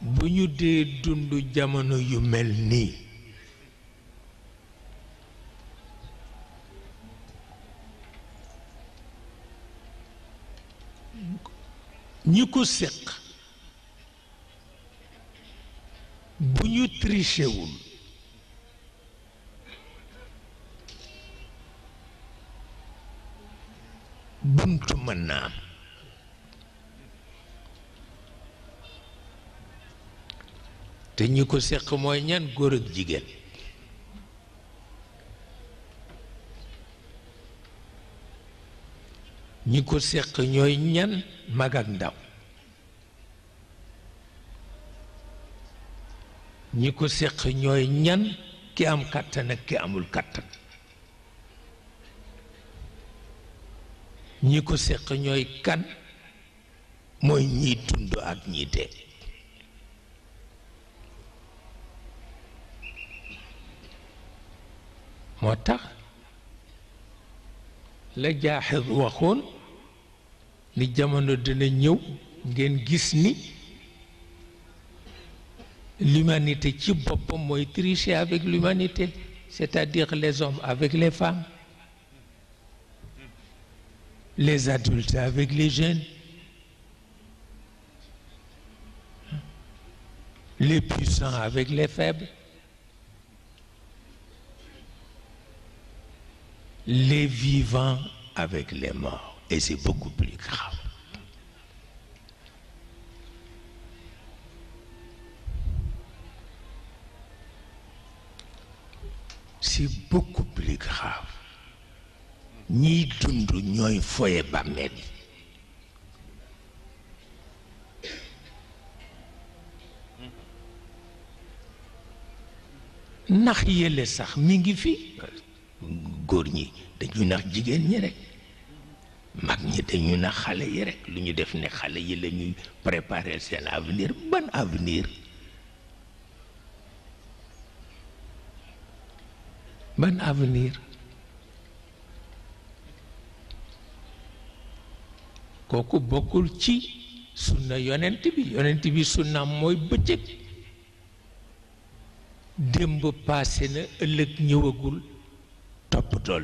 bu ñu dee dund jamono yu mel nii ñi ko séq bu ñu trichewul buntu mën naa am te ñi ko séq mooy ñan góor ak jigéen ñi ko séq ñooy ñan mag ak ndaw ñi ko séq ñooy ñan ki am kàttan ak ki amul kàttan ñi ko séq ñooy kan mooy ñiy dund ak ñiy dee moi la l'humanité qui tricher avec l'humanité c'est-à-dire les hommes avec les femmes les adultes avec les jeunes les puissants avec les faibles les vivants avec les morts. Et c'est beaucoup plus grave. C'est beaucoup plus grave. Ni dundu ñoy bameli, bamel. Nax yele sax mi goor ñi dañu nax jigen ñi rek mag ñi dañu nax xalé yi rek lu ñu def ne xalé yi lañu préparer sen avenir ban avenir ban avenir koku bokul ci sunna yonent bi yonent bi sunna moy beccik démb passé na ëllëg ñëwagul bu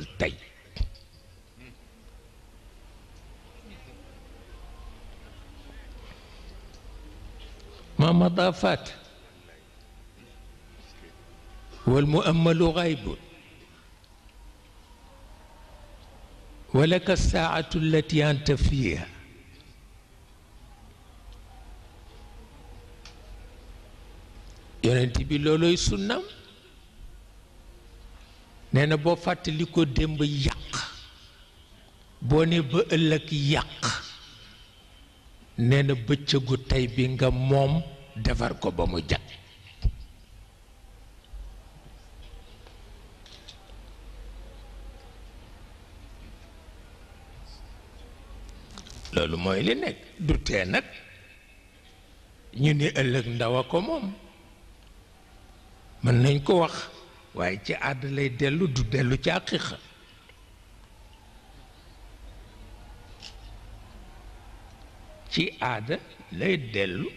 ما مضى والمؤمل غيب ولك الساعة التي أنت فيها أنت بلولو يسنم nee na boo fàttali ko démb yàq boo ne ba ëllëg yàq nee na bëccëgu tey bi nga moom defar ko ba mu jag loolu mooy li nekk du nag ñu ni ëllëg ndaw a ko moom mën nañ ko wax waaye ci aada lay dellu du dellu ci àqiqa ci aada lay dellu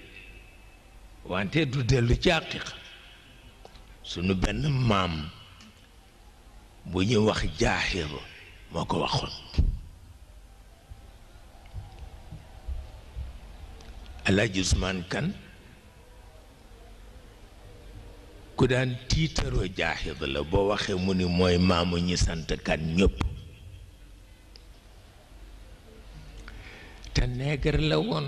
wante du dellu ci àqiqa sunu benn maam bu ñu wax jaaxir moo ko waxoon Alaaji Usmaan Kan ku daan tiitaroo jaaxid la boo waxee mu ni mooy maamu ñi sant kan ñëpp te neegar la woon